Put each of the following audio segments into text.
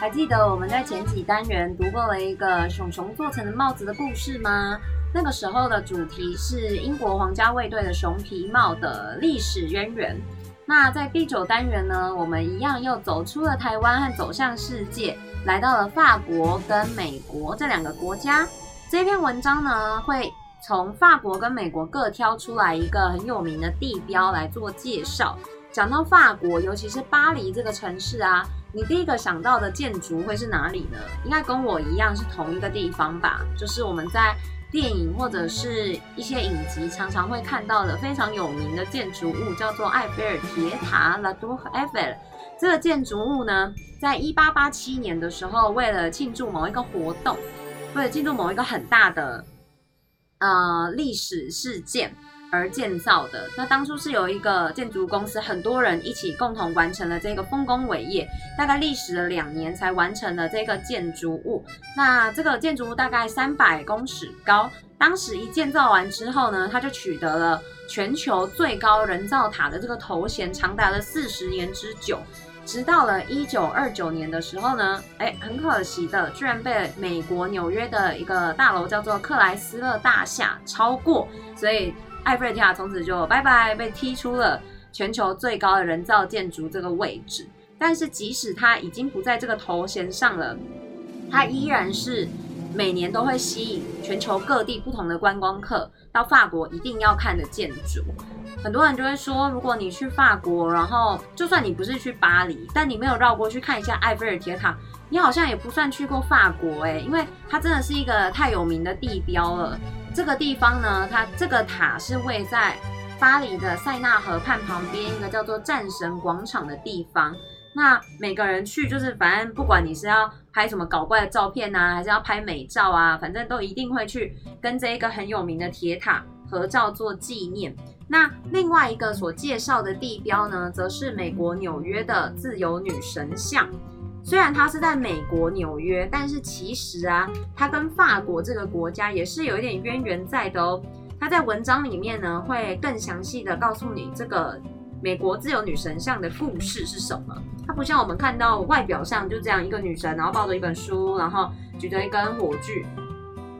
還記得我們在前幾單元讀過了一個熊熊做成的帽子的故事嗎？那個時候的主題是英國皇家衛隊的熊皮帽的歷史淵源。那在第九單元呢，我們一樣又走出了台灣，和走向世界，來到了法國跟美國這兩個國家。這篇文章呢，會從法國跟美國各挑出來一個很有名的地標來做介紹。講到法國，尤其是巴黎這個城市啊。你第一個想到的建築會是哪裡呢？應該跟我一樣是同一個地方吧，就是我們在電影或者是一些影集常常會看到的非常有名的建築物，叫做埃菲爾鐵塔，La Tour Eiffel。這個建築物呢，在一八八七年的時候，為了慶祝某一個活動，為了慶祝某一個很大的呃歷史事件。而建造的。那當初是由一個建築公司，很多人一起共同完成了這個豐功偉業，大概歷時了兩年才完成了這個建築物。那這個建築物大概三百公尺高。當時一建造完之後呢，它就取得了全球最高人造塔的這個頭銜，長達了四十年之久。直到了一九二九年的時候呢，哎，很可惜的，居然被美國紐約的一個大樓叫做克萊斯勒大廈超過，所以。艾菲爾鐵塔從此就拜拜，被踢出了全球最高的人造建築這個位置。但是即使它已經不在這個頭銜上了，它依然是每年都會吸引全球各地不同的觀光客到法國一定要看的建築。很多人就會說，如果你去法國，然後就算你不是去巴黎，但你沒有繞過去看一下艾菲爾鐵塔，你好像也不算去過法國哎、欸，因為它真的是一個太有名的地標了。這個地方呢，它這個塔是位在巴黎的塞納河畔旁邊一個叫做戰神廣場的地方。那每個人去，就是反正不管你是要拍什麼搞怪的照片吶、啊，還是要拍美照啊，反正都一定會去跟這一個很有名的鐵塔合照做紀念。那另外一個所介紹的地標呢，則是美國紐約的自由女神像。雖然它是在美國紐約，但是其實啊，它跟法國這個國家也是有一點淵源在的哦。它在文章裡面呢，會更詳細的告訴你這個美國自由女神像的故事是什麼。它不像我們看到外表上就這樣一個女神，然後抱着一本書，然後舉着一根火炬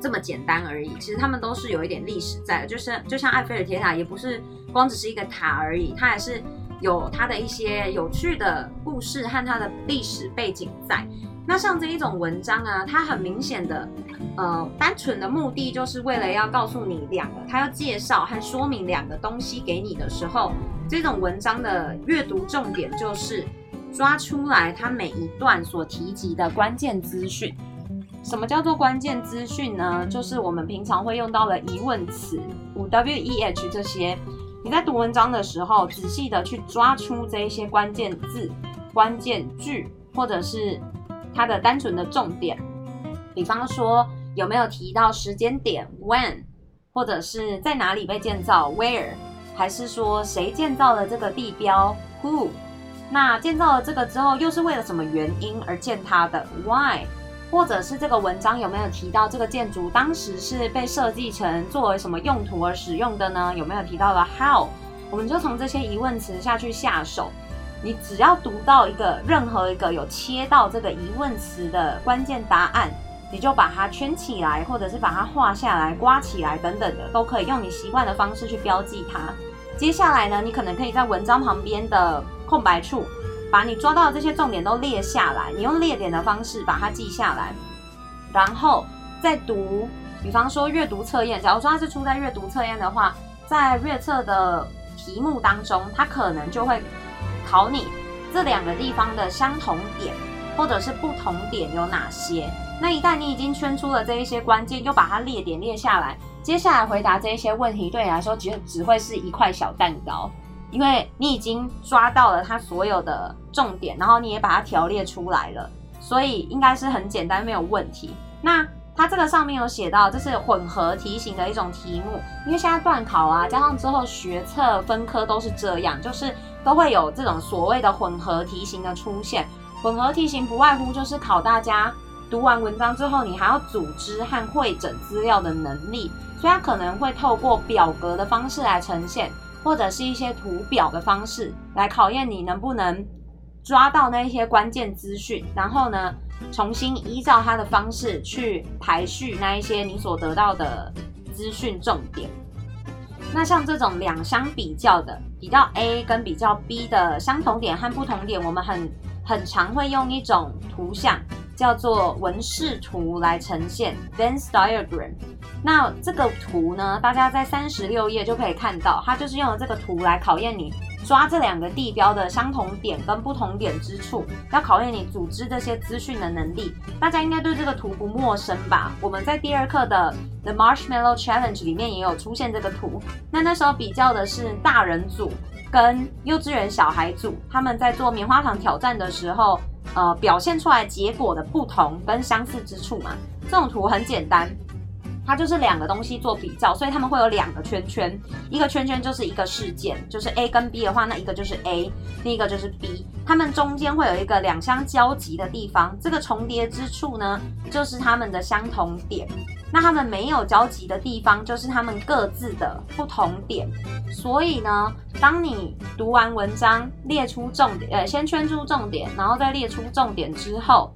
這麼簡單而已。其實他們都是有一點歷史在的，就是就像艾菲爾鐵塔，也不是光只是一個塔而已，它也是。有它的一些有趣的故事和它的歷史背景在，那像這一種文章啊，它很明顯的，呃，單純的目的就是為了要告訴你兩個，它要介紹和說明兩個東西給你的時候，這種文章的閱讀重點就是抓出來它每一段所提及的關鍵資訊。什麼叫做關鍵資訊呢？就是我們平常會用到的疑問詞，五 W 一 H 這些。你在讀文章的時候，仔細地去抓出這一些關鍵字、關鍵句，或者是它的單純的重點。比方說，有沒有提到時間點 when，或者是在哪裡被建造 where，還是說誰建造了這個地標 who？那建造了這個之後，又是為了什麼原因而建它的 why？或者是這個文章有沒有提到這個建築當時是被設計成作為什麼用途而使用的呢？有沒有提到的 How？我們就從這些疑問詞下去下手。你只要讀到一個任何一個有切到這個疑問詞的關鍵答案，你就把它圈起來，或者是把它畫下來、刮起來等等的，都可以用你習慣的方式去標記它。接下來呢，你可能可以在文章旁邊的空白處。把你抓到的這些重點都列下來，你用列點的方式把它記下來，然後再讀。比方說閱讀測驗，假如說它是出在閱讀測驗的話，在閱測的題目當中，它可能就會考你這兩個地方的相同點或者是不同點有哪些。那一旦你已經圈出了這一些關鍵，又把它列點列下來，接下來回答這一些問題，對你來說只，只只會是一塊小蛋糕。因為你已經抓到了它所有的重點，然後你也把它條列出來了，所以應該是很簡單，沒有問題。那它這個上面有寫到，這是混合題型的一種題目。因為現在段考啊，加上之後學測分科都是這樣，就是都會有這種所謂的混合題型的出現。混合題型不外乎就是考大家讀完文章之後，你還要組織和彙整資料的能力。所以它可能會透過表格的方式來呈現。或者是一些圖表的方式，來考驗你能不能抓到那一些關鍵資訊，然後呢，重新依照它的方式去排序那一些你所得到的資訊重點。那像這種兩相比較的，比較 A 跟比較 B 的相同點和不同點，我們很很常會用一種圖像，叫做文氏圖來呈現 Venn diagram。那這個圖呢，大家在三十六頁就可以看到，它就是用了這個圖來考驗你抓這兩個地標的相同點跟不同點之處，要考驗你組織這些資訊的能力。大家應該對這個圖不陌生吧？我們在第二課的 The Marshmallow Challenge 裡面也有出現這個圖。那那時候比較的是大人組跟幼稚園小孩組他們在做棉花糖挑戰的時候。呃，表現出來結果的不同跟相似之處嘛，這種圖很簡單，它就是兩個東西做比較，所以它們會有兩個圈圈，一個圈圈就是一個事件，就是 A 跟 B 的話，那一個就是 A，第一個就是 B，它們中間會有一個兩相交集的地方，這個重疊之處呢，就是它們的相同點。那他們沒有交集的地方，就是他們各自的不同點。所以呢，當你讀完文章，列出重點，呃、欸，先圈出重點，然後再列出重點之後，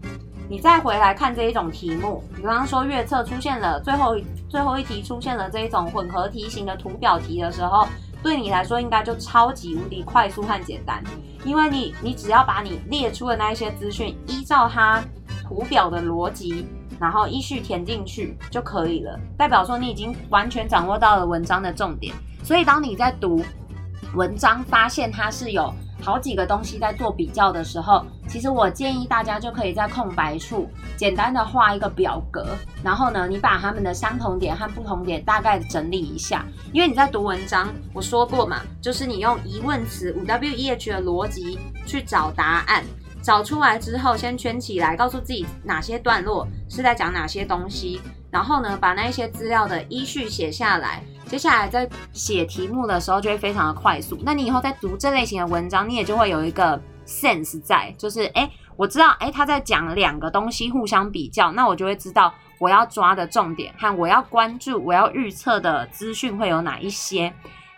你再回來看這一種題目。比方說，月測出現了最後最後一題出現了這一種混合題型的圖表題的時候，對你來說應該就超級無敵快速和簡單，因為你你只要把你列出的那一些資訊，依照它圖表的邏輯，然後依序填進去就可以了，代表說你已經完全掌握到了文章的重點。所以當你在讀文章，發現它是有好幾個東西在做比較的時候，其實我建議大家就可以在空白處簡單的畫一個表格，然後呢，你把他們的相同點和不同點大概整理一下。因為你在讀文章，我說過嘛，就是你用疑問詞五 W E H 的邏輯去找答案。找出來之後，先圈起來，告訴自己哪些段落是在講哪些東西，然後呢，把那一些資料的依序寫下來。接下來在寫題目的時候就會非常的快速。那你以後在讀這類型的文章，你也就會有一個 sense 在，就是哎，我知道，哎，他在講兩個東西互相比較，那我就會知道我要抓的重點，和我要關注、我要預測的資訊會有哪一些。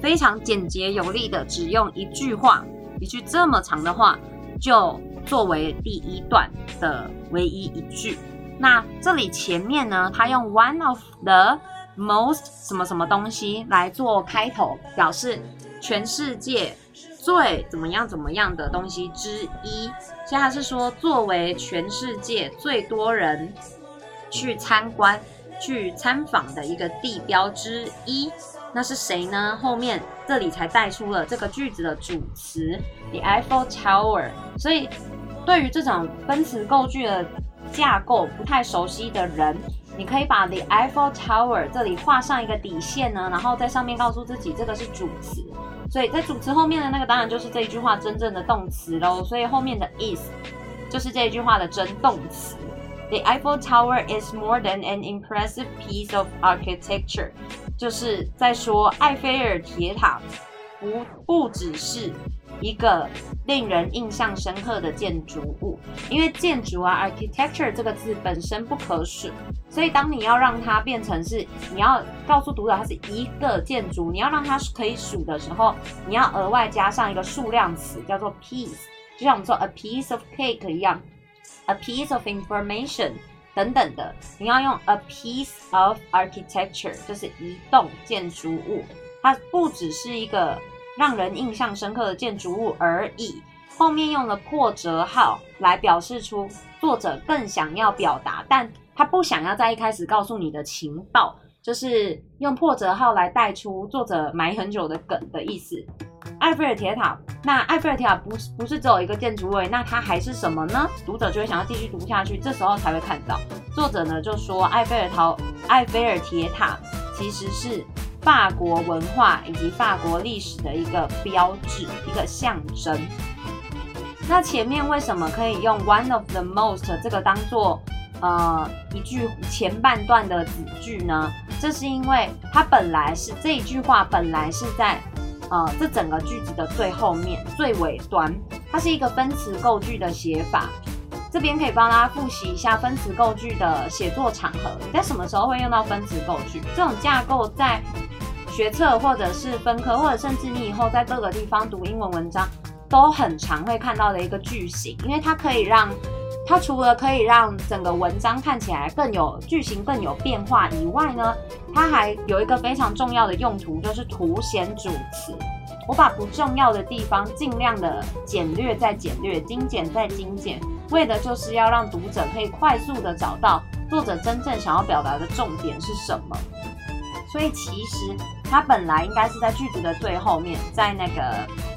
非常簡潔有力的，只用一句話，一句這麼長的話，就作為第一段的唯一一句。那這裡前面呢，他用 one of the most 什麼什麼東西來做開頭，表示全世界最怎麼樣怎麼樣的東西之一。所以他是說，作為全世界最多人去參觀、去參訪的一個地標之一。那是誰呢？後面這裡才帶出了這個句子的主詞，The Eiffel Tower。所以，對於這種分詞構句的架構不太熟悉的人，你可以把 The Eiffel Tower 這裡畫上一個底線呢，然後在上面告訴自己，這個是主詞。所以在主詞後面的那個，當然就是這句話真正的動詞嘍。所以後面的 is 就是這句話的真動詞。The Eiffel Tower is more than an impressive piece of architecture. 就是在說艾菲爾鐵塔不、不不只是一個令人印象深刻的建築物，因為建築啊，architecture 這個字本身不可數，所以當你要讓它變成是，你要告訴讀者它是一個建築，你要讓它是可以數的時候，你要額外加上一個數量詞，叫做 piece，就像我們說 a piece of cake 一樣，a piece of information。等等的，你要用 a piece of architecture，就是一棟建築物，它不只是一個讓人印象深刻的建築物而已。後面用了破折號來表示出作者更想要表達，但他不想要在一開始告訴你的情報，就是用破折號來帶出作者埋很久的梗的意思。埃菲爾鐵塔，那埃菲爾鐵塔不是不是只有一個建築物，那它還是什麼呢？讀者就會想要繼續讀下去，這時候才會看到作者呢就說埃菲爾塔埃菲爾鐵塔其實是法國文化以及法國歷史的一個標誌，一個象徵。那前面為什麼可以用 one of the most 這個當做呃一句前半段的子句呢？這是因為它本來是這一句話本來是在。呃，這整個句子的最後面，最尾端，它是一個分詞構句的寫法。這邊可以幫大家復習一下分詞構句的寫作場合，你在什麼時候會用到分詞構句？這種架構在學測或者是分科，或者甚至你以後在各個地方讀英文文章，都很常會看到的一個句型，因為它可以讓。它除了可以讓整個文章看起來更有劇情、更有變化以外呢，它還有一個非常重要的用途，就是凸顯主詞。我把不重要的地方盡量的簡略再簡略、精簡再精簡，為的就是要讓讀者可以快速的找到作者真正想要表達的重點是什麼。所以其實它本來應該是在句子的最後面，在那個。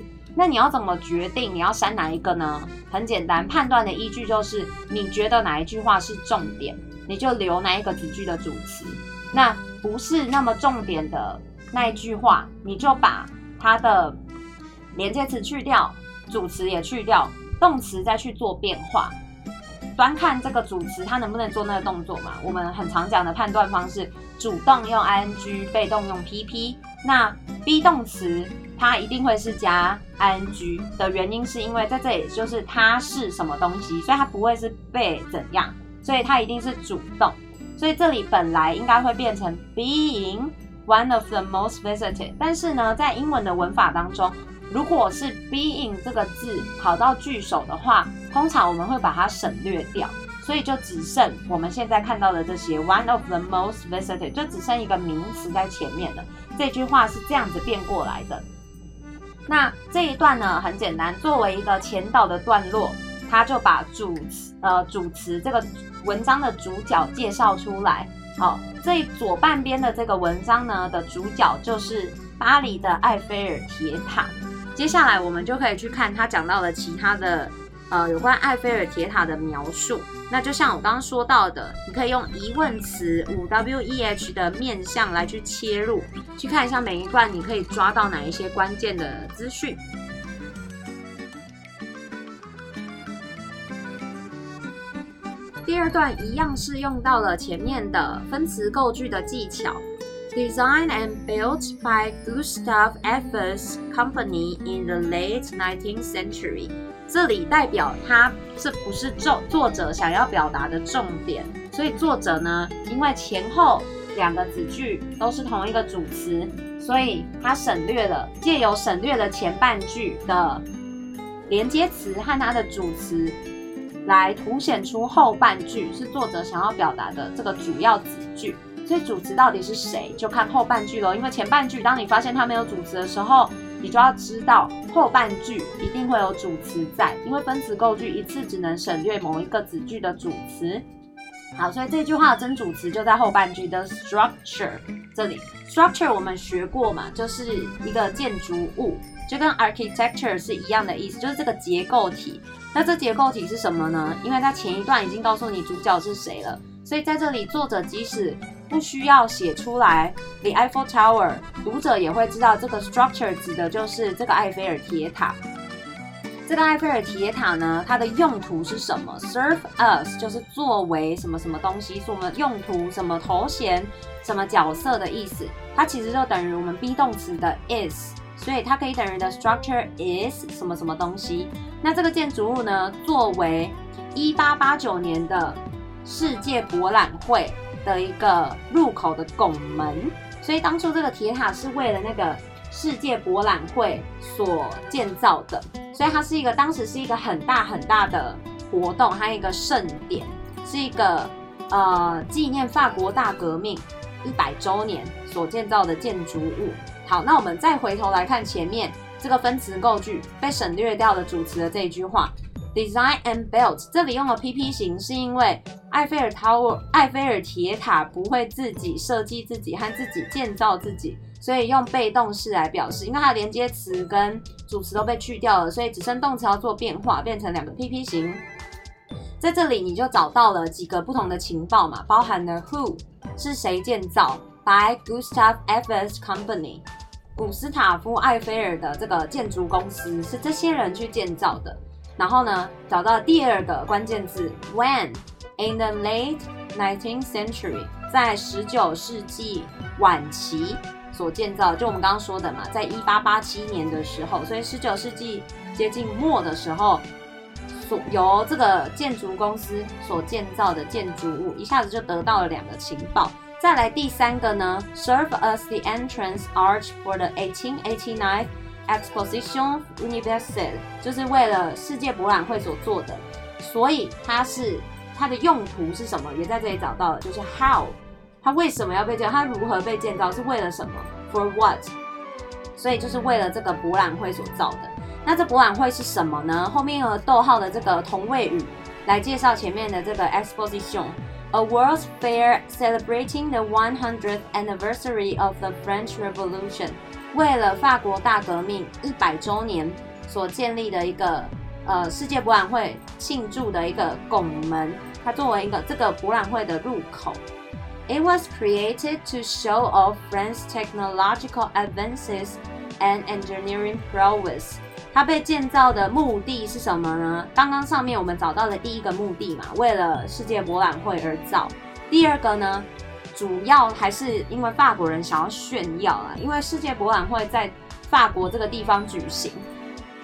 那你要怎麼決定你要刪哪一個呢？很簡單，判斷的依據就是你覺得哪一句話是重點，你就留哪一個子句的主詞。那不是那麼重點的那一句話，你就把它的連接詞去掉，主詞也去掉，動詞再去做變化。端看這個主詞它能不能做那個動作嘛？我們很常講的判斷方式，主動用 ing，被動用 pp。那 be 動詞它一定會是加 ing 的原因，是因為在這裡就是它是什麼東西，所以它不會是被怎樣，所以它一定是主動，所以這裡本來應該會變成 being one of the most visited，但是呢，在英文的文法當中，如果是 being 這個字跑到句首的話，通常我們會把它省略掉。所以就只剩我們現在看到的這些，one of the most visited，就只剩一個名詞在前面了。這句話是這樣子變過來的。那這一段呢，很簡單，作為一個前導的段落，它就把主詞呃主詞這個文章的主角介紹出來。好，這左半邊的這個文章呢的主角就是巴黎的艾菲爾鐵塔。接下來我們就可以去看他講到的其他的。呃，有關艾菲爾鐵塔的描述，那就像我剛剛說到的，你可以用疑問詞五 W E H 的面向來去切入，去看一下每一段，你可以抓到哪一些關鍵的資訊。 第二段一樣是用到了前面的分詞構句的技巧 ，Designed and built by Gustave Eiffel's company in the late 19th century. 這裡代表它是不是重作者想要表達的重點？所以作者呢，因為前後兩個子句都是同一個主詞，所以它省略了，借由省略了前半句的連接詞和它的主詞，來凸顯出後半句是作者想要表達的這個主要子句。所以主詞到底是誰，就看後半句咯，因為前半句，當你發現它沒有主詞的時候。你就要知道後半句一定會有主詞在，因為分詞構句一次只能省略某一個子句的主詞。好，所以這句話的真主詞就在後半句 the structure 這裡。structure 我們學過嘛，就是一個建築物，就跟 architecture 是一樣的意思，就是這個結構體。那這結構體是什麼呢？因為它前一段已經告訴你主角是誰了，所以在這裡作者即使不需要寫出來，The Eiffel Tower，讀者也會知道這個 structure 指的就是這個艾菲爾鐵塔。這個艾菲爾鐵塔呢，它的用途是什麼？Serve as 就是作為什麼什麼東西，是我們用途、什麼頭銜、什麼角色的意思。它其實就等於我們 be 動詞的 is，所以它可以等於 the structure is 什麼什麼東西。那這個建築物呢，作為1889年的世界博覽會，的一個入口的拱門，所以當初這個鐵塔是為了那個世界博覽會所建造的，所以它是一個當時是一個很大很大的活動，還有一個盛典，是一個呃紀念法國大革命一百周年所建造的建築物。好，那我們再回頭來看前面這個分詞構句被省略掉的主詞的這一句話，design and built，這裡用了 PP 形是因為。埃菲爾 Tower，埃菲爾鐵塔不會自己設計自己和自己建造自己，所以用被動式來表示，因為它的連接詞跟主詞都被去掉了，所以只剩動詞要做變化，變成兩個 PP 型。在這裡你就找到了幾個不同的情報嘛，包含了 Who 是誰建造，By Gustave Eiffel's Company，古斯塔夫埃菲爾的這個建築公司是這些人去建造的。然後呢，找到第二個關鍵字 When。In the late 19th century，在十九世紀晚期所建造，就我們剛剛說的嘛，在一八八七年的時候，所以十九世紀接近末的時候，所由這個建築公司所建造的建築物，一下子就得到了兩個情報。再來第三個呢，serve as the entrance arch for the 1889 Exposition Universal，就是為了世界博覽會所做的，所以它是。它的用途是什麼？也在這裡找到了，就是 how，它為什麼要被建造？它如何被建造？是為了什麼？For what？所以就是為了這個博覽會所造的。那這博覽會是什麼呢？後面有逗號的這個同位語來介紹前面的這個 exposition，a world's fair celebrating the 100th anniversary of the French Revolution，為了法國大革命一百週年所建立的一個呃世界博覽會慶祝的一個拱門。它作為一個這個博覽會的入口，It was created to show off France's technological advances and engineering prowess。它被建造的目的是什麼呢？剛剛上面我們找到了第一個目的嘛，為了世界博覽會而造。第二個呢，主要還是因為法國人想要炫耀啊，因為世界博覽會在法國這個地方舉行，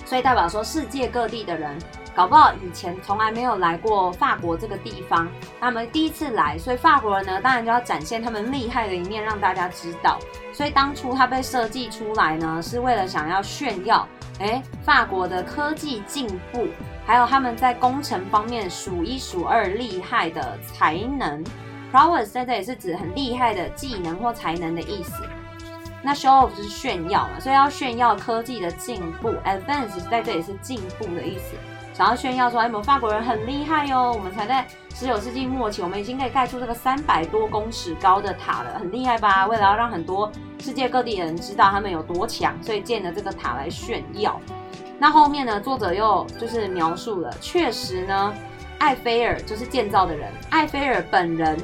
所以代表說世界各地的人。搞不好以前從來沒有來過法國這個地方，他們第一次來，所以法國人呢，當然就要展現他們厲害的一面，讓大家知道。所以當初他被設計出來呢，是為了想要炫耀，誒、欸，法國的科技進步，還有他們在工程方面數一數二厲害的才能。prowess 在這裡是指很厲害的技能或才能的意思。那 show off 就是炫耀嘛，所以要炫耀科技的進步。advance 在這裡也是進步的意思。想要炫耀說，哎，我們法國人很厲害喲、哦！我們才在十九世紀末期，我們已經可以蓋出這個三百多公尺高的塔了，很厲害吧？為了要讓很多世界各地的人知道他們有多強，所以建了這個塔來炫耀。那後面呢，作者又就是描述了，確實呢，艾菲爾就是建造的人，艾菲爾本人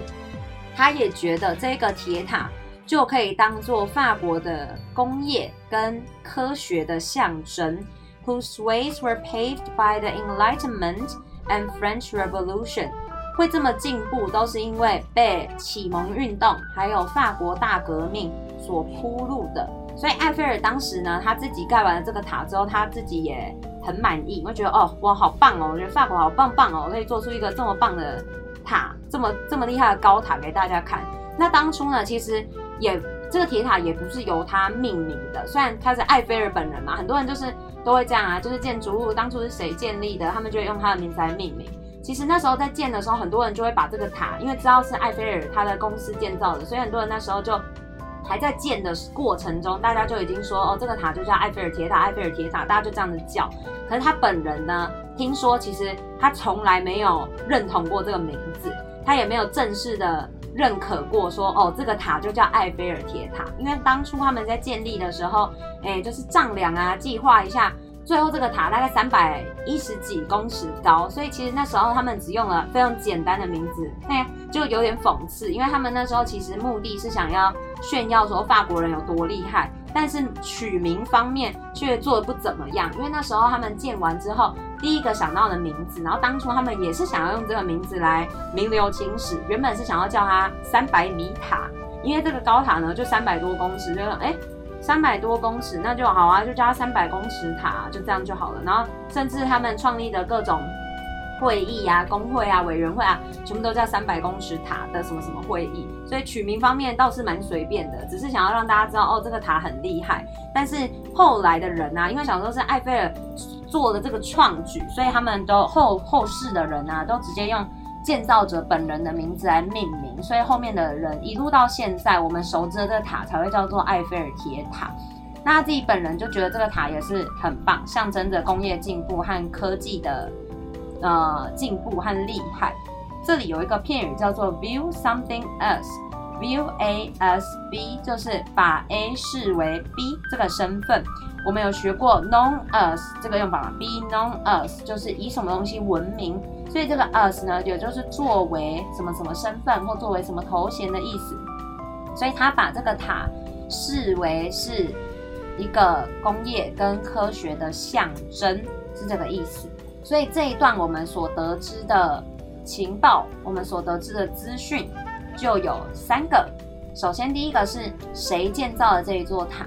他也覺得這個鐵塔就可以當做法國的工業跟科學的象徵。whose ways were paved by the Enlightenment and French Revolution，會這麼進步都是因為被啟蒙運動還有法國大革命所鋪路的。所以艾菲爾當時呢，他自己蓋完了這個塔之後，他自己也很滿意，我覺得哦，我，好棒哦！我覺得法國好棒棒哦，可以做出一個這麼棒的塔，這麼這麼厲害的高塔給大家看。那當初呢，其實也。這個鐵塔也不是由他命名的，雖然他是艾菲爾本人嘛。很多人就是都會這樣啊，就是建築物當初是誰建立的，他們就會用他的名字來命名。其實那時候在建的時候，很多人就會把這個塔，因為知道是艾菲爾他的公司建造的，所以很多人那時候就還在建的過程中，大家就已經說哦，這個塔就叫艾菲爾鐵塔、艾菲爾鐵塔，大家就這樣子叫。可是他本人呢，聽說其實他從來沒有認同過這個名字，他也沒有正式的認可過說哦，這個塔就叫艾菲爾鐵塔，因為當初他們在建立的時候，哎，就是丈量啊，計劃一下，最後這個塔大概三百一十幾公尺高，所以其實那時候他們只用了非常簡單的名字，嘿、哎，就有點諷刺，因為他們那時候其實目的是想要炫耀說法國人有多厲害。但是取名方面卻做得不怎麼樣，因為那時候他們建完之後，第一個想到的名字，然後當初他們也是想要用這個名字來名留青史，原本是想要叫它三百米塔，因為這個高塔呢就三百多公尺，就說哎三百多公尺，那就好啊，就叫它三百公尺塔，就這樣就好了。然後甚至他們創立的各種。會議啊，工會啊，委員會啊，全部都叫三百公尺塔的什麼什麼會議，所以取名方面倒是蠻隨便的，只是想要讓大家知道哦，這個塔很厲害。但是後來的人啊，因為想說是艾菲爾做的這個創舉，所以他們都後後世的人啊，都直接用建造者本人的名字來命名，所以後面的人一路到現在，我們熟知的這個塔才會叫做艾菲爾鐵塔。那他自己本人就覺得這個塔也是很棒，象徵着工業進步和科技的。呃，進步和厲害。這裡有一個片語叫做 view something as, view A as B，就是把 A 視為 B 這個身份。我們有學過 known as 這個用法嗎？be known as 就是以什麼東西聞名。所以這個 as 呢，也就是作為什麼什麼身份或作為什麼頭銜的意思。所以他把這個塔視為是一個工業跟科學的象徵，是這個意思。所以這一段我們所得知的情報，我們所得知的資訊就有三個。首先第一個是誰建造的這一座塔？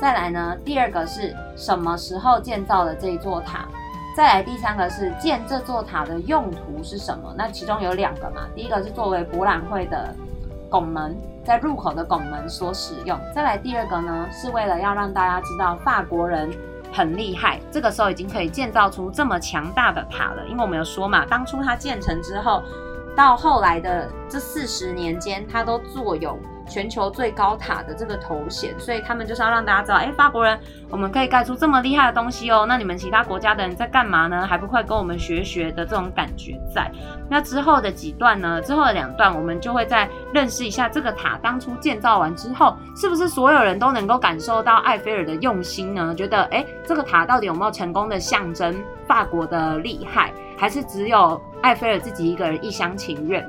再來呢，第二個是什麼時候建造的這一座塔？再來第三個是建這座塔的用途是什麼？那其中有兩個嘛。第一個是作為博覽會的拱門，在入口的拱門所使用。再來第二個呢，是為了要讓大家知道法國人。很厲害，這個時候已經可以建造出這麼強大的塔了。因為我們有說嘛，當初它建成之後，到後來的這四十年間，它都坐擁。全球最高塔的這個頭銜，所以他們就是要讓大家知道，誒，法國人，我們可以蓋出這麼厲害的東西哦。那你們其他國家的人在幹嘛呢？還不快跟我們學學的這種感覺。在那之後的幾段呢，之後的兩段，我們就會再認識一下這個塔當初建造完之後，是不是所有人都能夠感受到艾菲爾的用心呢？覺得，誒，這個塔到底有沒有成功的象徵法國的厲害，還是只有艾菲爾自己一個人一廂情願？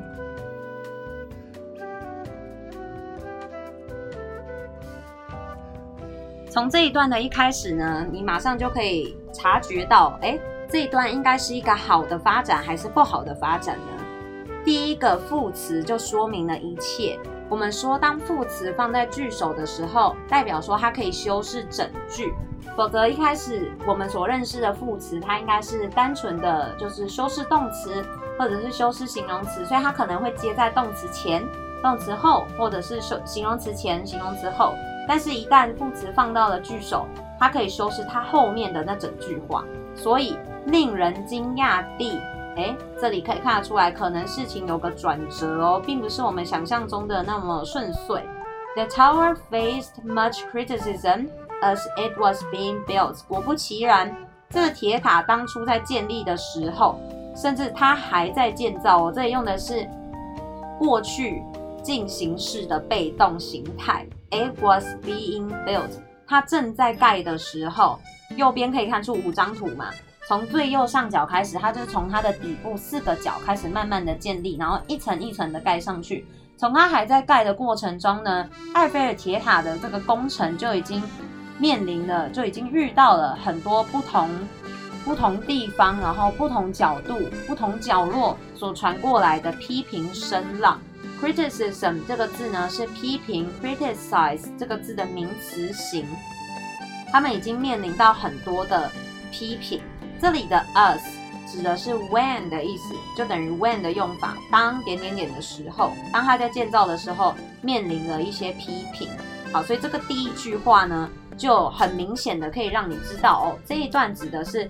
從這一段的一開始呢，你馬上就可以察覺到，誒，這一段應該是一個好的發展還是不好的發展呢？第一個副詞就說明了一切。我們說，當副詞放在句首的時候，代表說它可以修飾整句；否則，一開始我們所認識的副詞，它應該是單純的，就是修飾動詞或者是修飾形容詞，所以它可能會接在動詞前、動詞後，或者是修形容詞前、形容詞後。但是，一旦副詞放到了句首，它可以修飾它後面的那整句話。所以，令人驚訝地，誒，這裡可以看得出來，可能事情有個轉折哦，並不是我們想象中的那麼順遂。The tower faced much criticism as it was being built。果不其然，這個鐵塔當初在建立的時候，甚至它還在建造哦。這裡用的是過去進行式的被動形態。It was being built，它正在蓋的時候，右邊可以看出五張圖嘛？從最右上角開始，它就是從它的底部四個角開始慢慢的建立，然後一層一層的蓋上去。從它還在蓋的過程中呢，艾菲爾鐵塔的這個工程就已經面臨了，就已經遇到了很多不同不同地方，然後不同角度、不同角落所傳過來的批評聲浪。criticism 這個字呢是批評，criticize 這個字的名詞型。他們已經面臨到很多的批評。這裡的 as 指的是 when 的意思，就等於 when 的用法，當點點點的時候，當它在建造的時候面臨了一些批評。好，所以這個第一句話呢就很明顯的可以讓你知道哦，這一段指的是。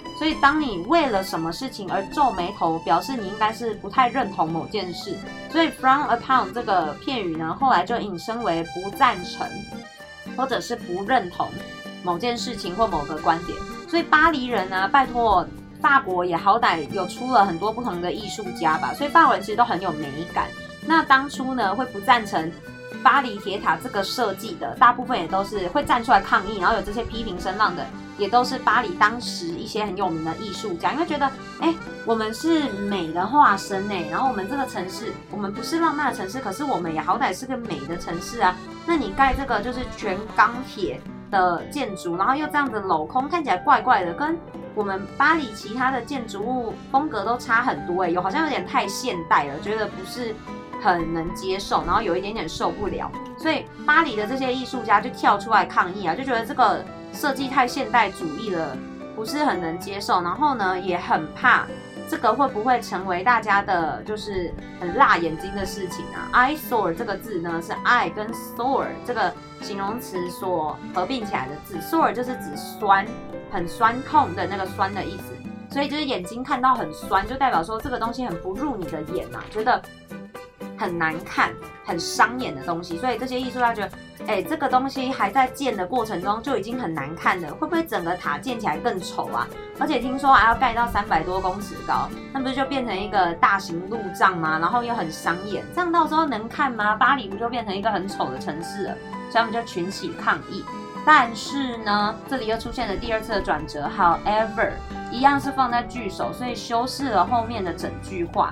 所以，當你為了什麼事情而皺眉頭，表示你應該是不太認同某件事。所以，frown upon 這個片語呢，後來就引申為不贊成或者是不認同某件事情或某個觀點。所以，巴黎人呢、啊，拜託，法國也好歹有出了很多不同的藝術家吧，所以法國人其實都很有美感。那當初呢，會不贊成巴黎鐵塔這個設計的，大部分也都是會站出來抗議，然後有這些批評聲浪的。也都是巴黎當時一些很有名的藝術家，因為覺得，哎、欸，我們是美的化身哎、欸，然後我們這個城市，我們不是浪漫的城市，可是我們也好歹是個美的城市啊。那你蓋這個就是全鋼鐵的建築，然後又這樣子鏤空，看起來怪怪的，跟我們巴黎其他的建築物風格都差很多哎、欸，有好像有點太現代了，覺得不是很能接受，然後有一點點受不了，所以巴黎的這些藝術家就跳出來抗議啊，就覺得這個。設計太現代主義了，不是很能接受。然後呢，也很怕這個會不會成為大家的，就是很辣眼睛的事情啊。eyesore 這個字呢，是 eye 跟 sore 這個形容詞所合併起來的字。sore 就是指酸，很酸痛的那個酸的意思。所以就是眼睛看到很酸，就代表說這個東西很不入你的眼啊，覺得。很難看、很傷眼的東西，所以這些藝術家覺得，哎、欸，這個東西還在建的過程中就已經很難看了，會不會整個塔建起來更醜啊？而且聽說還、啊、要蓋到三百多公尺高，那不是就變成一個大型路障嗎？然後又很傷眼，這樣到時候能看嗎？巴黎不就變成一個很醜的城市了，所以我們就群起抗議。但是呢，這裡又出現了第二次的轉折，However，一樣是放在句首，所以修飾了後面的整句話。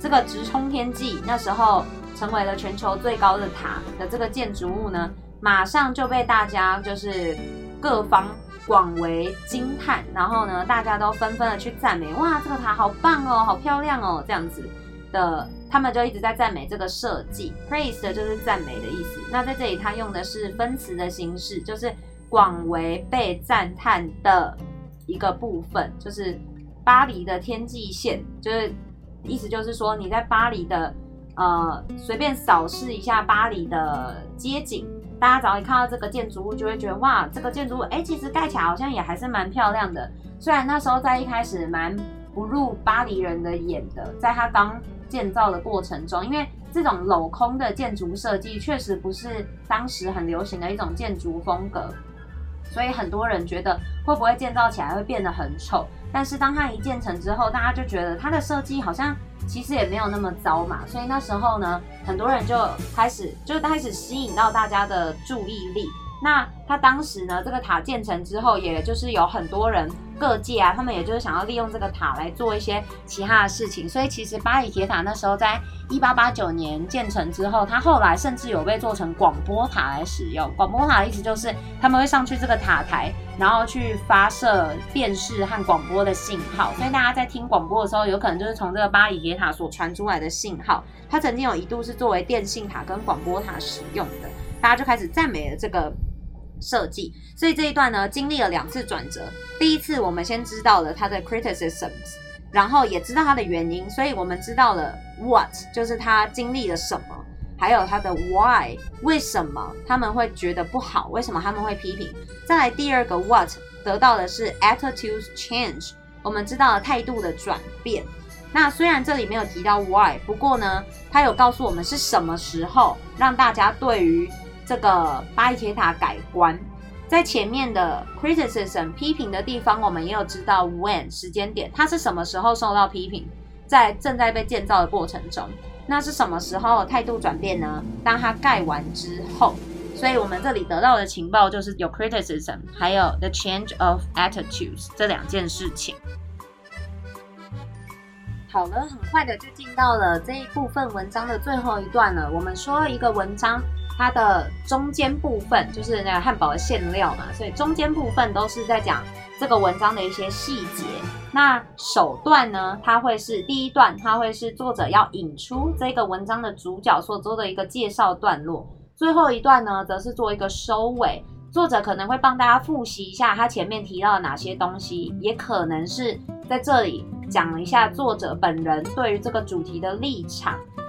這個直衝天際，那時候成為了全球最高的塔的這個建築物呢，馬上就被大家就是各方廣為驚嘆，然後呢，大家都紛紛的去讚美，哇，這個塔好棒哦，好漂亮哦，這樣子的，他們就一直在讚美這個設計，praise 就是讚美的意思，那在這裡他用的是分詞的形式，就是廣為被讚嘆的一個部分，就是巴黎的天際線，就是。意思就是說，你在巴黎的，呃，隨便掃視一下巴黎的街景，大家只要一看到這個建築物，就會覺得哇，這個建築物，哎、欸，其實蓋起來好像也還是蠻漂亮的。雖然那時候在一開始蠻不入巴黎人的眼的，在它剛建造的過程中，因為這種鏤空的建築設計確實不是當時很流行的一種建築風格。所以很多人覺得會不會建造起來會變得很醜，但是當它一建成之後，大家就覺得它的設計好像其實也沒有那麼糟嘛。所以那時候呢，很多人就開始，就開始吸引到大家的注意力。那它當時呢，這個塔建成之後，也就是有很多人。各界啊，他們也就是想要利用這個塔來做一些其他的事情，所以其實巴黎鐵塔那時候在一八八九年建成之後，它後來甚至有被做成廣播塔來使用。廣播塔的意思就是他們會上去這個塔台，然後去發射電視和廣播的信號。所以大家在聽廣播的時候，有可能就是從這個巴黎鐵塔所傳出來的信號。它曾經有一度是作為電信塔跟廣播塔使用的，大家就開始讚美了這個設計，所以這一段呢，經歷了兩次轉折。第一次，我們先知道了他的 criticisms，然後也知道他的原因，所以我們知道了 what，就是他經歷了什麼，還有他的 why，為什麼他們會覺得不好，為什麼他們會批評。再來第二個 what 得到的是 attitudes change，我們知道了態度的轉變。那雖然這裡沒有提到 why，不過呢，他有告訴我們是什麼時候讓大家對於這個巴黎鐵塔改觀，在前面的 criticism 批評的地方，我們也有知道 when 時間點，它是什麼時候受到批評？在正在被建造的過程中，那是什麼時候的態度轉變呢？當它蓋完之後，所以我們這裡得到的情報就是有 criticism，還有 the change of attitudes 這兩件事情。好了，很快的就進到了這一部分文章的最後一段了。我們說一個文章。它的中間部分就是那個漢堡的餡料嘛，所以中間部分都是在講這個文章的一些細節。那首段呢，它會是第一段，它會是作者要引出這個文章的主角所做的一個介紹段落。最後一段呢，則是做一個收尾，作者可能會幫大家複習一下他前面提到的哪些東西，也可能是在這裡講一下作者本人對於這個主題的立場。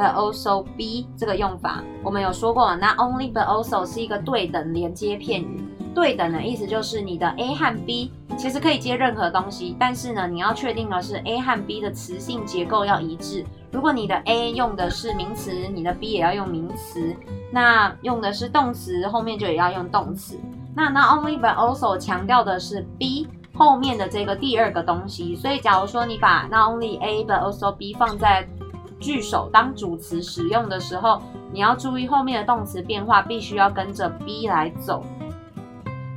But also B, 這個用法，我們有說過，那 Not only but also 是一個對等連接片語。對等的意思就是你的 A 和 B 其實可以接任何東西，但是呢，你要確定的是 A 和 B 的詞性結構要一致。如果你的 A 用的是名詞，你的 B 也要用名詞；那用的是動詞，後面就也要用動詞。那 Not only but also 強調的是 B 後面的這個第二個東西，所以假如說你把 Not only A but also B 放在句首當主詞使用的時候，你要注意後面的動詞變化必須要跟着 be 來走。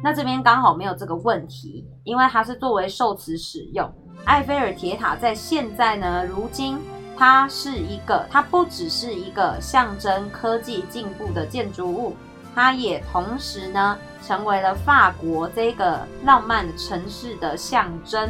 那這邊剛好沒有這個問題，因為它是作為受詞使用。艾菲爾鐵塔在現在呢，如今它是一個，它不只是一個象徵科技進步的建築物，它也同時呢成為了法國這個浪漫城市的象徵。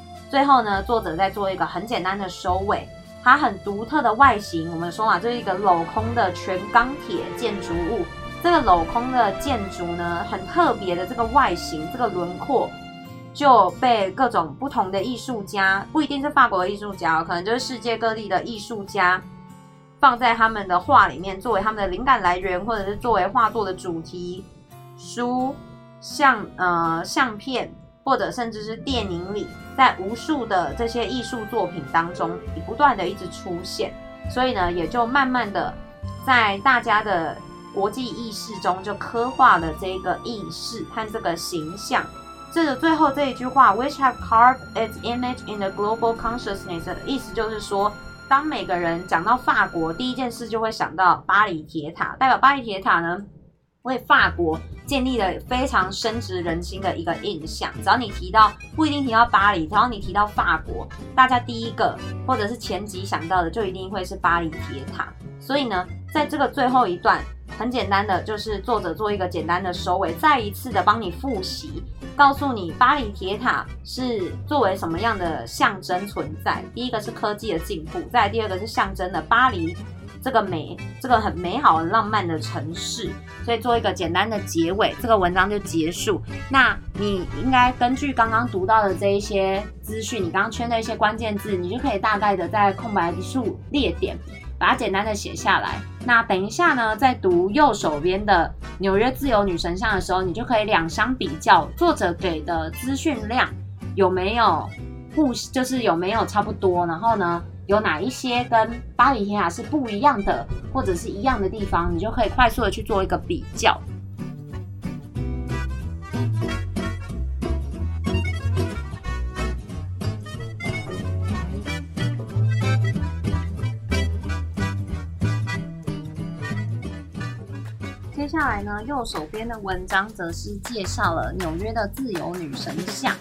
最後呢，作者在做一個很簡單的收尾。它很獨特的外形，我們說嘛，這是一個鏤空的全鋼鐵建築物。這個鏤空的建築呢，很特別的這個外形，這個輪廓就被各種不同的藝術家，不一定是法國的藝術家，可能就是世界各地的藝術家，放在他們的畫裡面作為他們的靈感來源，或者是作為畫作的主題、書、像呃相片，或者甚至是電影裡。在無數的這些藝術作品當中，也不斷的一直出現，所以呢，也就慢慢的在大家的國際意識中，就刻畫了這個意識和這個形象。這個最後這一句話，which have carved its image in the global consciousness，意思就是說，當每個人講到法國，第一件事就會想到巴黎鐵塔。代表巴黎鐵塔呢？為法國建立了非常深植人心的一個印象。只要你提到，不一定提到巴黎，只要你提到法國，大家第一個或者是前幾想到的，就一定會是巴黎鐵塔。所以呢，在這個最後一段，很簡單的就是作者做一個簡單的收尾，再一次的幫你複習，告訴你巴黎鐵塔是作為什麼樣的象徵存在。第一個是科技的進步，再第二個是象徵的巴黎。這個美，這個很美好、浪漫的城市，所以做一個簡單的結尾，這個文章就結束。那你應該根據剛剛讀到的這一些資訊，你剛剛圈的一些關鍵字，你就可以大概的在空白處列點，把它簡單的寫下來。那等一下呢，在讀右手邊的紐約自由女神像的時候，你就可以兩相比較，作者給的資訊量有沒有，就是有沒有差不多，然後呢，有哪一些跟巴黎鐵塔是不一樣的，或者是一樣的地方，你就可以快速的去做一個比較。接下來呢，右手邊的文章則是介紹了紐約的自由女神像。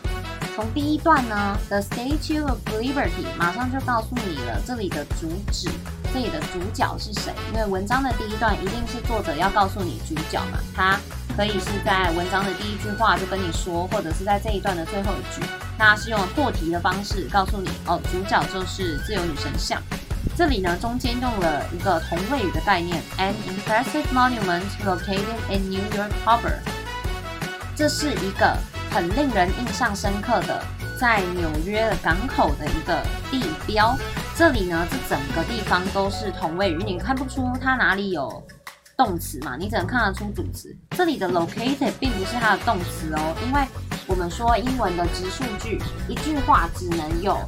從第一段呢，The Statue of Liberty，馬上就告訴你了這裡的主旨，這裡的主角是誰。因為文章的第一段一定是作者要告訴你主角嘛，他可以是在文章的第一句話就跟你說，或者是在這一段的最後一句，那是用破題的方式告訴你哦，主角就是自由女神像。這裡呢，中間用了一個同位語的概念，An impressive monument located in New York Harbor，這是一個。很令人印象深刻的，在紐約的港口的一個地標。這裡呢，這整個地方都是同位語，你看不出它哪裡有動詞嘛，你只能看得出主詞。這裡的 located 並不是它的動詞哦，因為我們說英文的直述句，一句話只能有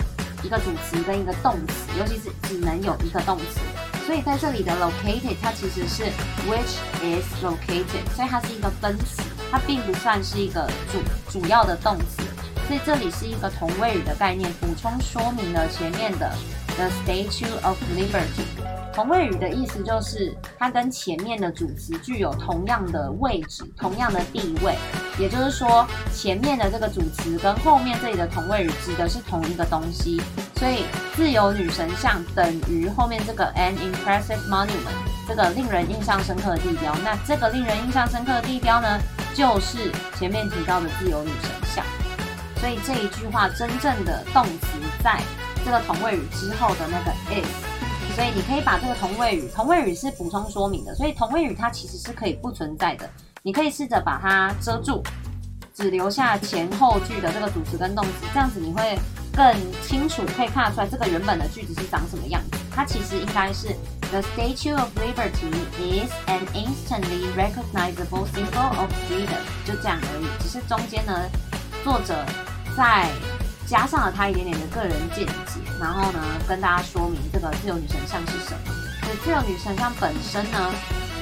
一個主詞跟一個動詞，尤其是只能有一個動詞。所以在這裡的 located 它其實是 which is located，所以它是一個分詞。它並不算是一個主主要的動詞，所以這裡是一個同位語的概念，補充說明了前面的 the statue of liberty。同位語的意思就是它跟前面的主詞具有同樣的位置、同樣的地位，也就是說前面的這個主詞跟後面這裡的同位語指的是同一個東西，所以自由女神像等於後面這個 an impressive monument，這個令人印象深刻的地標。那這個令人印象深刻的地標呢，就是前面提到的自由女神像，所以這一句話真正的動詞在這個同位語之後的那個 is，所以你可以把這個同位語，同位語是補充說明的，所以同位語它其實是可以不存在的。你可以試着把它遮住，只留下前後句的這個主詞跟動詞，這樣子你會更清楚，可以看得出來這個原本的句子是長什麼樣子。它其實應該是。The Statue of Liberty is an instantly recognizable symbol in of freedom。就這樣而已，只是中間呢，作者再加上了他一點點的個人見解，然後呢，跟大家說明這個自由女神像是什麼。所以自由女神像本身呢，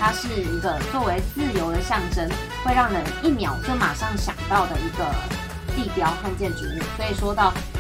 它是一個作為自由的象徵，會讓人一秒就馬上想到的一個地標和建築物。所以說到。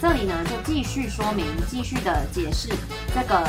這裡呢，就繼續說明，繼續的解釋這個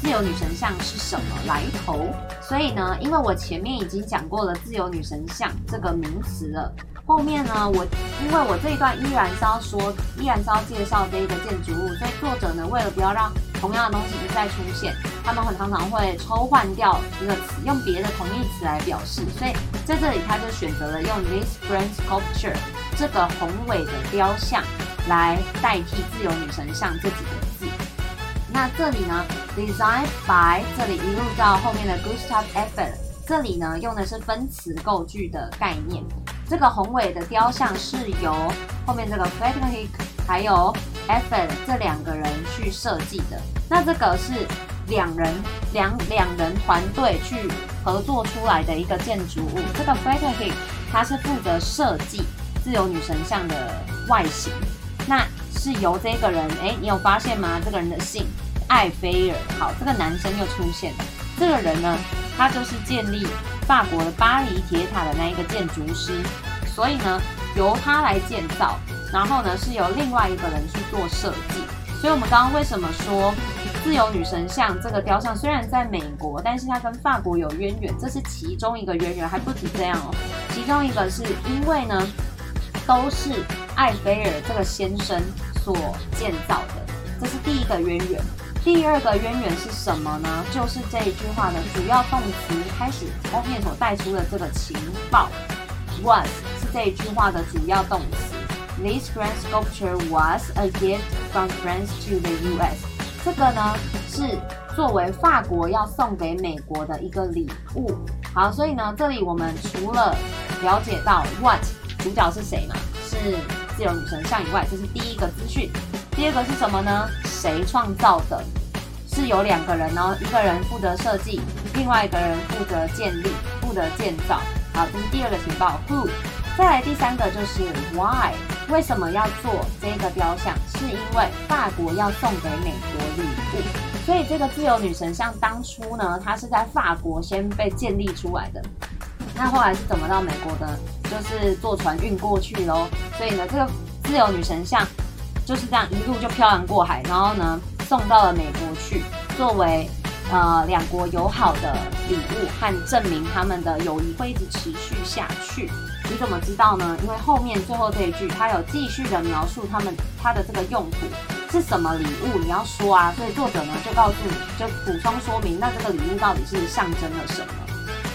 自由女神像是什麼來頭。所以呢，因為我前面已經講過了“自由女神像”這個名詞了，後面呢，我因為我這一段依然是要說，依然是要介紹這個建築物，所以作者呢，為了不要讓同樣的東西一再出現，他們很常常會抽換掉一個詞，用別的同義詞來表示。所以在這裡，他就選擇了用 “this grand sculpture” 這個宏偉的雕像。來代替“自由女神像”這幾個字。那這裡呢，“designed by” 這裡一路到後面的 Gustave Eiffel，這裡呢，用的是分詞構句的概念。這個宏偉的雕像是由後面這個 Frederick 還有 Eiffel 這兩個人去設計的。那這個是兩人兩兩人團隊去合作出來的一個建築物。這個 Frederick 他是負責設計自由女神像的外形。是由這個人哎，你有發現嗎？這個人的姓艾菲爾。好，這個男生又出現了。這個人呢，他就是建立法國的巴黎鐵塔的那一個建築師。所以呢，由他來建造，然後呢，是由另外一個人去做設計。所以，我們剛剛為什麼說自由女神像這個雕像，雖然在美國，但是它跟法國有淵源？這是其中一個淵源，還不止這樣哦。其中一個是因為呢，都是艾菲爾這個先生所建造的，這是第一個淵源。第二個淵源是什麼呢？就是這一句話的主要動詞開始後面所帶出的這個情報。Was 是這一句話的主要動詞。This grand sculpture was a gift from France to the U.S. 這個呢是作為法國要送給美國的一個禮物。好，所以呢，這裡我們除了了解到 What 主角是誰呢？是。自由女神像以外，這是第一個資訊。第二個是什麼呢？誰創造的？是有兩個人、哦，呢，一個人負責設計，另外一個人負責建立、負責建造。好，這是第二個情報。Who？再來第三個就是 Why？為什麼要做這個雕像？是因為法國要送給美國禮物，所以這個自由女神像當初呢，它是在法國先被建立出來的。那後來是怎麼到美國的？就是坐船運過去嘍。所以呢，這個自由女神像就是這樣一路就漂洋過海，然後呢，送到了美國去，作為呃兩國友好的禮物和證明他們的友誼會一直持續下去。你怎麼知道呢？因為後面最後這一句，他有繼續的描述他們他的這個用途是什麼禮物，你要說啊，所以作者呢就告訴你，就補充說明，那這個禮物到底是象徵了什麼。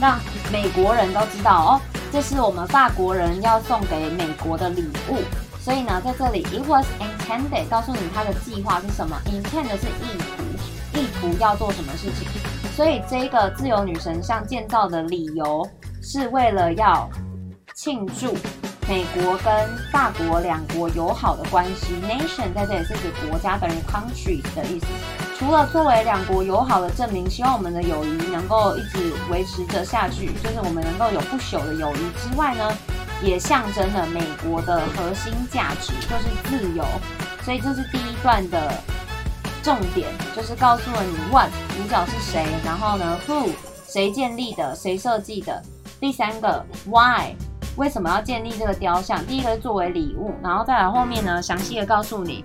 讓美國人都知道哦，這是我們法國人要送給美國的禮物。所以呢，在這裡，it was intended 告訴你他的計劃是什麼。Intend 是意圖，意圖要做什麼事情。所以這個自由女神像建造的理由是為了要慶祝美國跟法國兩國友好的關係。Nation 在這裡是指國家等於 country 的意思。除了作為兩國友好的證明，希望我們的友誼能夠一直維持着下去，就是我們能夠有不朽的友誼之外呢，也象徵了美國的核心價值，就是自由。所以這是第一段的重點，就是告訴了你 what 主角是誰，然後呢 who 誰建立的，誰設計的。第三個 why 為什麼要建立這個雕像？第一個是作為禮物，然後再來後面呢，詳細的告訴你。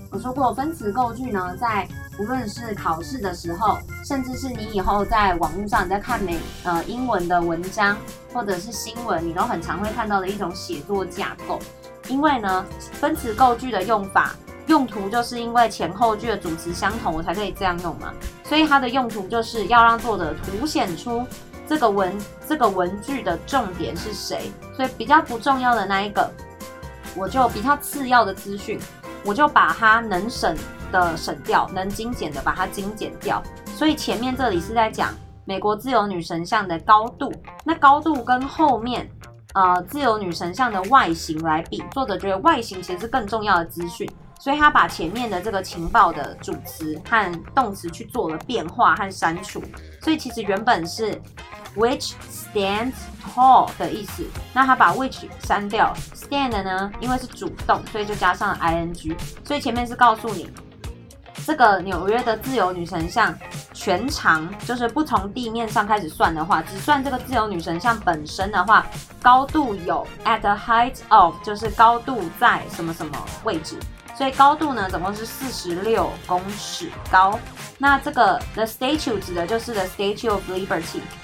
我說過，分詞構句呢，在無論是考試的時候，甚至是你以後在網絡上，你在看美呃英文的文章或者是新聞，你都很常會看到的一種寫作架構。因為呢，分詞構句的用法用途，就是因為前後句的主詞相同，我才可以這樣用嘛。所以它的用途就是要讓作者凸顯出這個文這個文句的重點是誰，所以比較不重要的那一個，我就比較次要的資訊。我就把它能省的省掉，能精簡的把它精簡掉。所以前面這裡是在講美國自由女神像的高度，那高度跟後面呃自由女神像的外形來比，作者覺得外形其實是更重要的資訊，所以他把前面的這個情報的主詞和動詞去做了變化和刪除。所以其實原本是。Which stands tall 的意思，那他把 which 刪掉，stand 的呢？因為是主動，所以就加上 i n g。所以前面是告訴你，這個紐約的自由女神像全長，就是不從地面上開始算的話，只算這個自由女神像本身的話，高度有 at the height of，就是高度在什麼什麼位置。所以高度呢，總共是四十六公尺高。那這個 the statue 指的就是 the statue of liberty。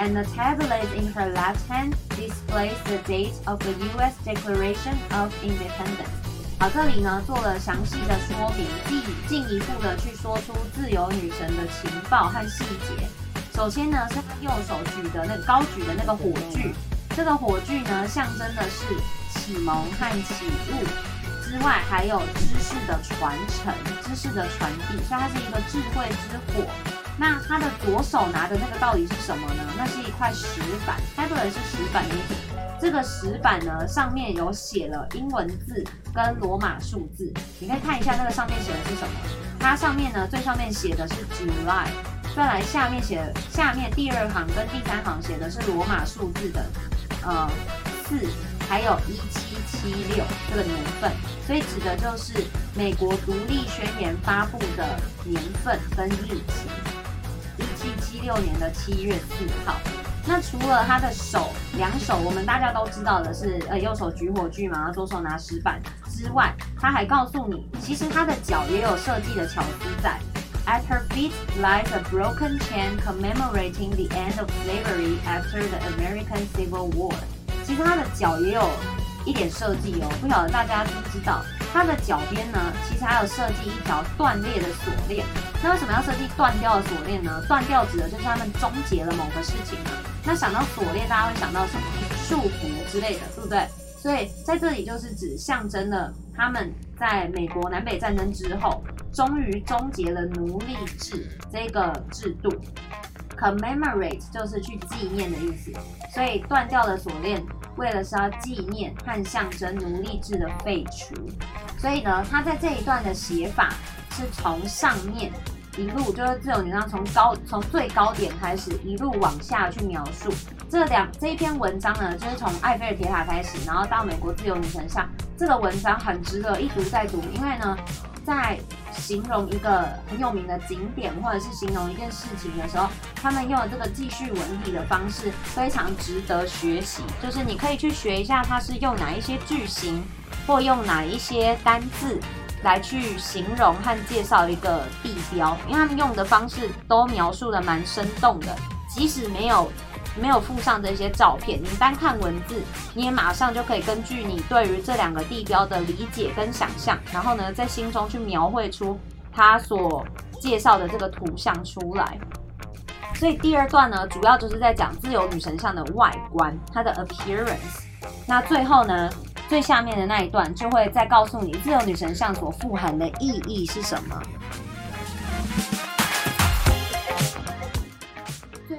And the tablet in her left hand displays the date of the U.S. Declaration of Independence。好，這裡呢做了詳細的說明，進進一步的去說出自由女神的情報和細節。首先呢是她右手舉的那個高舉的那個火炬，這個火炬呢象徵的是啟蒙和啟悟之外，還有知識的傳承、知識的傳遞，所以它是一個智慧之火。那他的左手拿的那個到底是什麼呢？那是一塊石板，它本來是石板。這個石板呢，上面有寫了英文字跟羅馬數字，你可以看一下那個上面寫的是什麼。它上面呢，最上面寫的是 July，再來下面寫下面第二行跟第三行寫的是羅馬數字的呃四，4, 還有一七七六這個年份，所以指的就是美國獨立宣言發布的年份跟日期。七六年的七月四號，那除了他的手，兩手我們大家都知道的是，呃，右手舉火炬嘛，左手拿石板之外，他還告訴你，其實他的腳也有設計的巧思在。At her feet lies a broken chain commemorating the end of slavery after the American Civil War。其實他的腳也有一點設計哦，不曉得大家知不知道。它的腳邊呢，其實還有設計一條斷裂的鎖鏈。那為什麼要設計斷掉的鎖鏈呢？斷掉指的就是他們終結了某個事情。那想到鎖鏈，大家會想到什麼束縛之類的，對不對？所以在這裡就是指象徵了他們在美國南北戰爭之後，終於終結了奴隸制這個制度。commemorate 就是去紀念的意思，所以斷掉的鎖鏈。為了是要紀念和象徵奴隸制的廢除，所以呢，他在這一段的寫法是從上面一路，就是自由女神從高，從最高點開始一路往下去描述。這兩這一篇文章呢，就是從艾菲爾鐵塔開始，然後到美國自由女神像。這個文章很值得一讀再讀，因為呢，在形容一個很有名的景點，或者是形容一件事情的時候，他們用的這個記敘文體的方式非常值得學習。就是你可以去學一下，他是用哪一些句型，或用哪一些單字來去形容和介紹一個地標，因為他們用的方式都描述的蠻生動的，即使沒有。沒有附上這些照片，你單看文字，你也馬上就可以根據你對於這兩個地標的理解跟想象，然後呢，在心中去描繪出它所介紹的這個圖像出來。所以第二段呢，主要就是在講自由女神像的外觀，它的 appearance。那最後呢，最下面的那一段就會再告訴你自由女神像所富含的意義是什麼。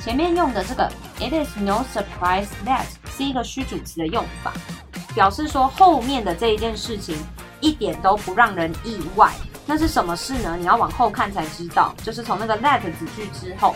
前面用的這個 "It is no surprise that" 是一個虛主詞的用法，表示說後面的這一件事情一點都不讓人意外。那是什麼事呢？你要往後看才知道。就是從那個 "that" 子句之後，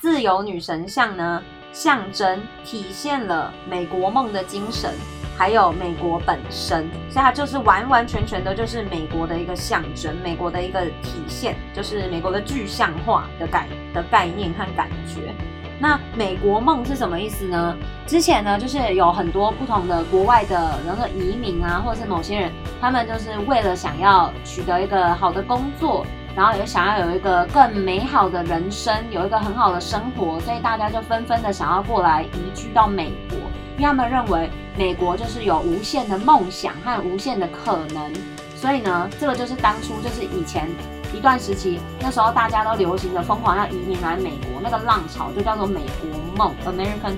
自由女神像呢？象徵體現了美國夢的精神，還有美國本身，所以它就是完完全全的，就是美國的一個象徵，美國的一個體現，就是美國的具象化的概的概念和感覺。那美國夢是什麼意思呢？之前呢，就是有很多不同的國外的人和移民啊，或者是某些人，他們就是為了想要取得一個好的工作。然後也想要有一個更美好的人生，有一個很好的生活，所以大家就紛紛的想要過來移居到美國，因為他們認為美國就是有無限的夢想和無限的可能，所以呢，這個就是當初就是以前一段時期，那時候大家都流行的瘋狂要移民來美國那個浪潮，就叫做美國夢 d r 人 a m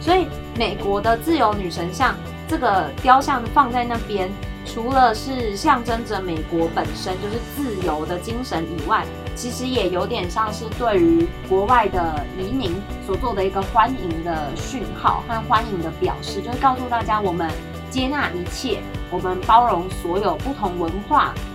所以美國的自由女神像。這個雕像放在那邊，除了是象徵着美國本身就是自由的精神以外，其實也有點像是對於國外的移民所做的一個歡迎的訊號和歡迎的表示，就是告訴大家我們接納一切，我們包容所有不同文化。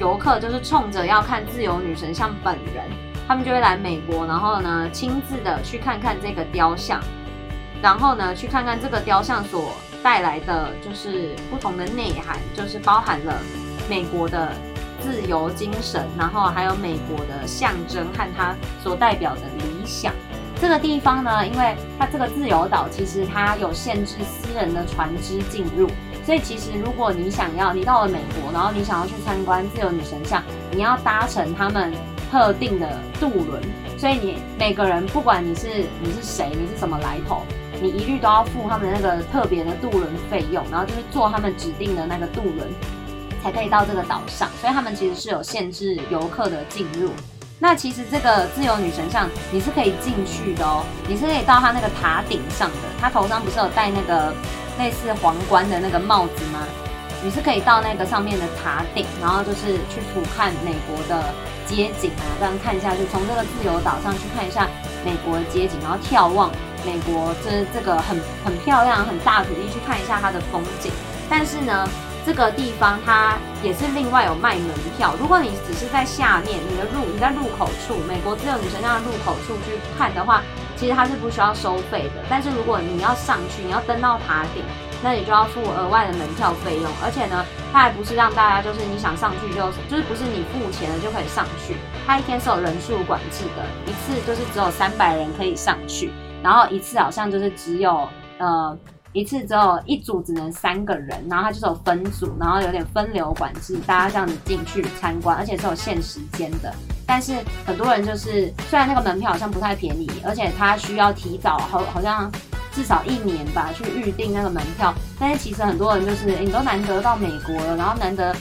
遊客就是衝着要看自由女神像本人，他們就會來美國，然後呢，親自的去看看這個雕像，然後呢，去看看這個雕像所帶來的就是不同的內涵，就是包含了美國的自由精神，然後還有美國的象徵和它所代表的理想。這個地方呢，因為它這個自由島，其實它有限制私人的船隻進入。所以其實，如果你想要你到了美國，然後你想要去參觀自由女神像，你要搭乘他們特定的渡輪。所以你每個人，不管你是你是誰，你是什麼來頭，你一律都要付他們那個特別的渡輪費用，然後就是坐他們指定的那個渡輪，才可以到這個島上。所以他們其實是有限制遊客的進入。那其實這個自由女神像你是可以進去的哦，你是可以到他那個塔頂上的。他頭上不是有戴那個？類似皇冠的那個帽子嗎？你是可以到那個上面的塔頂，然後就是去俯瞰美國的街景啊，這樣看下去，從這個自由島上去看一下美國的街景，然後眺望美國，這這個很很漂亮、很大土地去看一下它的風景。但是呢，這個地方它也是另外有賣門票。如果你只是在下面，你的入你在入口處，美國自由女神像入口處去看的話。其實它是不需要收費的，但是如果你要上去，你要登到塔頂，那你就要付額外的門票費用。而且呢，它還不是讓大家就是你想上去就就是不是你付錢了就可以上去，它一天是有人數管制的，一次就是只有三百人可以上去，然後一次好像就是只有呃。一次只有一組，只能三個人，然後它就是有分組，然後有點分流管制，大家這樣子進去參觀，而且是有限時間的。但是很多人就是，雖然那個門票好像不太便宜，而且它需要提早，好，好像至少一年吧去預定那個門票。但是其實很多人就是，欸、你都難得到美國了，然後難得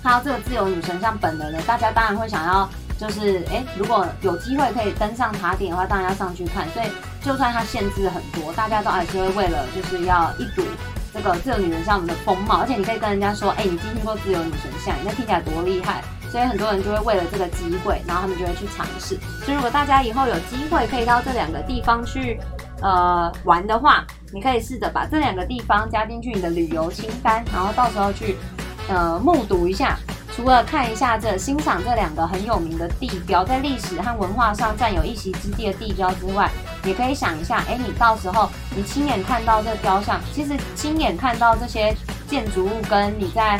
看到這個自由女神像本人的，大家當然會想要，就是、欸，如果有機會可以登上塔頂的話，當然要上去看。所以。就算它限制很多，大家都還是會為了，就是要一睹這個自由女神像的風貌。而且你可以跟人家說：“哎、欸，你進去過自由女神像，你家聽起來多厲害。”所以很多人就會為了這個機會，然後他們就會去嘗試。所以如果大家以後有機會可以到這兩個地方去，呃，玩的話，你可以試着把這兩個地方加進去你的旅遊清單，然後到時候去，呃，目睹一下。除了看一下這欣賞這兩個很有名的地標，在歷史和文化上占有一席之地的地標之外，也可以想一下，哎，你到時候你親眼看到這雕像，其實親眼看到這些建築物，跟你在，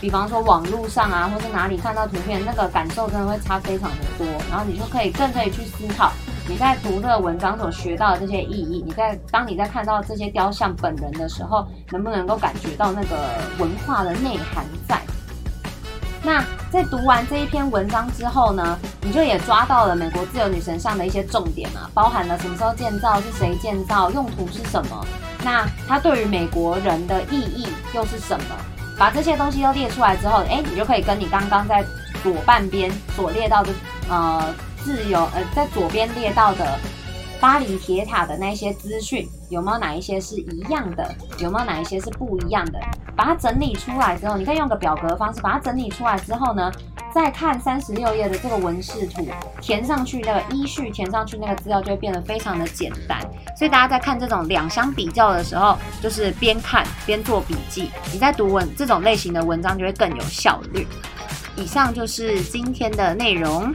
比方說網絡上啊，或是哪裡看到圖片，那個感受真的會差非常的多。然後你就可以更可以去思考，你在讀這個文章所學到的這些意義，你在當你在看到這些雕像本人的時候，能不能夠感覺到那個文化的內涵在？那在讀完這一篇文章之後呢，你就也抓到了美國自由女神像的一些重點啊，包含了什麼時候建造、是誰建造、用途是什麼，那它對於美國人的意義又是什麼？把這些東西都列出來之後，哎，你就可以跟你剛剛在左半邊所列到的，呃，自由，呃，在左邊列到的。巴黎鐵塔的那些資訊，有沒有哪一些是一樣的？有沒有哪一些是不一樣的？把它整理出來之後，你可以用個表格方式把它整理出來之後呢，再看三十六頁的這個文氏圖，填上去，那個依序填上去那個資料就會變得非常的簡單。所以大家在看這種兩相比較的時候，就是邊看邊做筆記，你在讀文這種類型的文章就會更有效率。以上就是今天的內容。